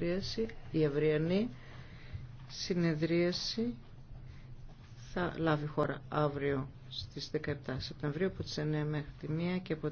συνεδρίαση, η αυριανή συνεδρίαση θα λάβει χώρα αύριο στις 17 Σεπτεμβρίου από τις 9 μέχρι τη 1 και από